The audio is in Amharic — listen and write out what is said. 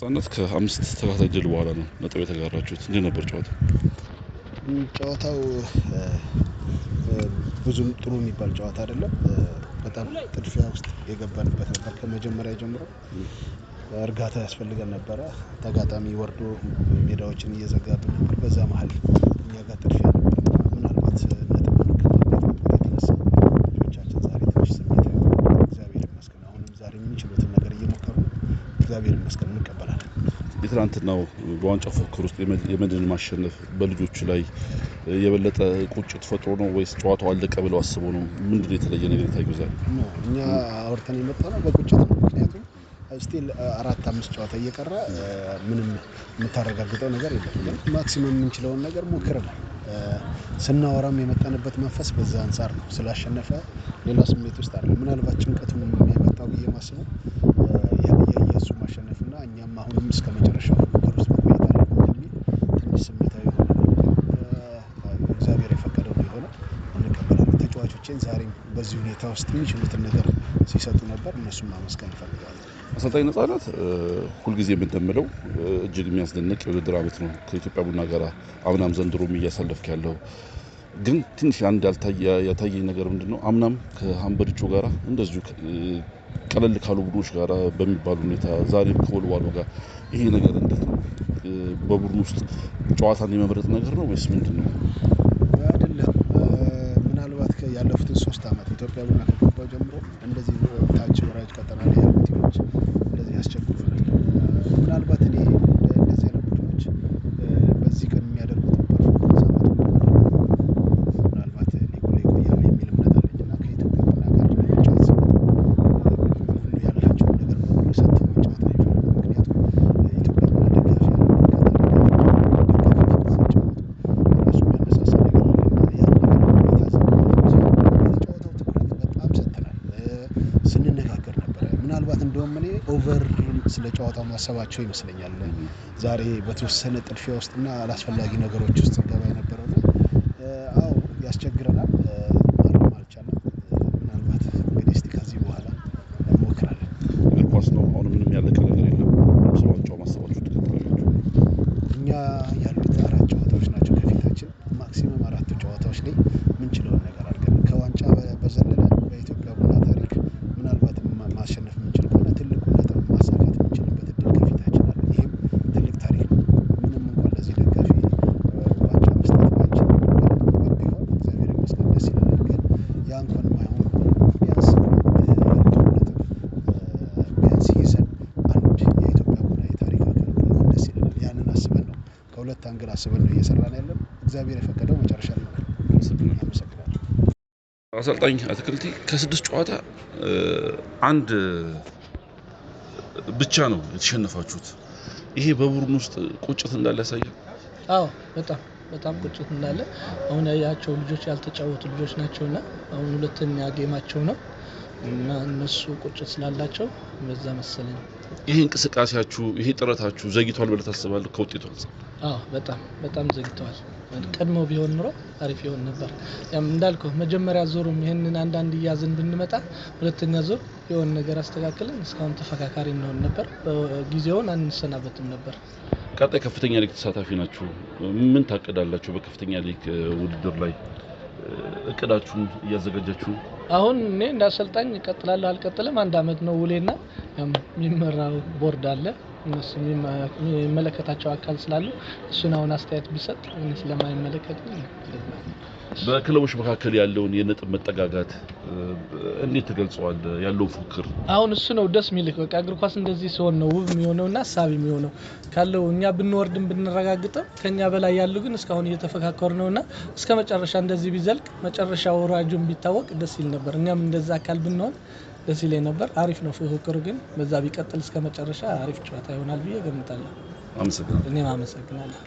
ነጻነት ከአምስት ተከታታይ ድል በኋላ ነው ነጥብ የተጋራችሁት። እንዴት ነበር ጨዋታው? ጨዋታው ብዙም ጥሩ የሚባል ጨዋታ አይደለም። በጣም ጥድፊያ ውስጥ የገባንበት ነበር ከመጀመሪያ ጀምሮ። እርጋታ ያስፈልገን ነበረ። ተጋጣሚ ወርዶ ሜዳዎችን እየዘጋብን ነበር። በዛ መሀል እግዚአብሔር ይመስገን እንቀበላለን። የትናንትናው በዋንጫ ፉክክር ውስጥ የመድን ማሸነፍ በልጆቹ ላይ የበለጠ ቁጭት ፈጥሮ ነው ወይስ ጨዋታው አለቀ ብለው አስቦ ነው? ምንድን ነው የተለየ ነገር የታየው ዛሬ? እኛ አውርተን የመጣ ነው በቁጭት ነው። ምክንያቱም ስቲል አራት አምስት ጨዋታ እየቀረ ምንም የምታረጋግጠው ነገር የለም። ማክሲመም የምንችለውን ነገር ነው ስናወራም የመጣንበት መንፈስ በዛ አንጻር ነው። ስላሸነፈ ሌላ ስሜት ውስጥ አለ ምናልባት ጭንቀቱ ነው ብዬ ማስበው። የእሱ ማሸነፍ እና እኛም አሁንም እስከ መጨረሻው ነገር ውስጥ መቆየት አለብን የሚል ትንሽ ስሜታዊ የሆነ እግዚአብሔር የፈቀደው ነው የሆነው። እንቀበላለን። ተጫዋቾችን ዛሬም በዚህ ሁኔታ ውስጥ የሚችሉትን ነገር ሲሰጡ ነበር። እነሱም ማመስገን እፈልጋለሁ። አሰልጣኝ ነጻነት ሁልጊዜ የምንደምለው እጅግ የሚያስደንቅ የውድድር አመት ነው ከኢትዮጵያ ቡና ጋር አምናም ዘንድሮም እያሳለፍክ ያለው ግን ትንሽ አንድ ያታየኝ ነገር ምንድን ነው? አምናም ከሀምበሪቾ ጋር እንደዚሁ ቀለል ካሉ ቡድኖች ጋር በሚባል ሁኔታ ዛሬም ከወልዋሎ ጋር ይሄ ነገር እንዴት ነው? በቡድን ውስጥ ጨዋታን የመምረጥ ነገር ነው ወይስ ምንድን ነው? አይደለም። ምናልባት ያለፉትን ሶስት ዓመት ኢትዮጵያ ቡና ከገባው ጀምሮ እንደዚህ ታች ወራጅ ቀጠና ላይ ያሉ ቲሞች እንደዚህ ያስቸግሩናል። ምናልባት እኔ ነገር ስለ ጨዋታው ማሰባቸው ይመስለኛል ዛሬ በተወሰነ ጥድፊያ ውስጥና አላስፈላጊ ነገሮች ውስጥ ገባ የነበረው ነው። አዎ ያስቸግረናል፣ ማረም አልቻለም። ምናልባት እንግዲህ እስቲ ከዚህ በኋላ እንሞክራለን። ኳስ ነው። አሁን ምንም ያለቀ ነገር የለም። ስለ ዋንጫው ማሰባቸው ትክክል ናቸው። እኛ ያሉ አንግል አስበን ነው ነው ያለው። እግዚአብሔር የፈቀደው መጨረሻ ላይ ይሆናል። አመሰግናለሁ። አሰልጣኝ አትክልቲ ከስድስት ጨዋታ አንድ ብቻ ነው የተሸነፋችሁት። ይሄ በቡድን ውስጥ ቁጭት እንዳለ ያሳያል። አዎ በጣም በጣም ቁጭት እንዳለ አሁን ያቸው ልጆች ያልተጫወቱ ልጆች ናቸውና አሁን ሁለተኛ ጌማቸው ነው እና እነሱ ቁጭት ስላላቸው በዛ መሰለኝ ይህ እንቅስቃሴያችሁ ይሄ ጥረታችሁ ዘግይቷል ብለህ ታስባለህ? ከውጤቱ በጣም በጣም ዘግይተዋል። ቀድሞ ቢሆን ኑሮ አሪፍ ይሆን ነበር። እንዳልከው መጀመሪያ ዞሩም ይህንን አንዳንድ እያዝን ብንመጣ ሁለተኛ ዙር የሆን ነገር አስተካክለን እስካሁን ተፈካካሪ እንሆን ነበር። ጊዜውን አንሰናበትም ነበር። ቀጣይ ከፍተኛ ሊግ ተሳታፊ ናችሁ። ምን ታቅዳላችሁ በከፍተኛ ሊግ ውድድር ላይ? እቅዳችሁን እያዘጋጃችሁ አሁን እኔ እንዳሰልጣኝ እቀጥላለሁ አልቀጥልም አንድ አመት ነው ውሌና የሚመራው ቦርድ አለ እነሱ የሚመለከታቸው አካል ስላሉ እሱን አሁን አስተያየት ቢሰጥ ስለማይመለከት በክለቦች መካከል ያለውን የነጥብ መጠጋጋት እንዴት ተገልጸዋል? ያለው ፉክር አሁን እሱ ነው ደስ የሚልህ። በቃ እግር ኳስ እንደዚህ ሲሆን ነው ውብ የሚሆነውና ሳቢ የሚሆነው ካለው እኛ ብንወርድም ብንረጋግጥም ከኛ በላይ ያሉ ግን እስካሁን እየተፈካከሩ ነውና እስከ መጨረሻ እንደዚህ ቢዘልቅ መጨረሻ ወራጁን ቢታወቅ ደስ ይል ነበር። እኛም እንደዛ አካል ብንሆን ደስ ይለኝ ነበር። አሪፍ ነው ፉክክሩ ግን በዛ ቢቀጥል እስከ መጨረሻ አሪፍ ጨዋታ ይሆናል ብዬ ገምታለሁ። አመሰግናለሁ። እኔም አመሰግናለሁ።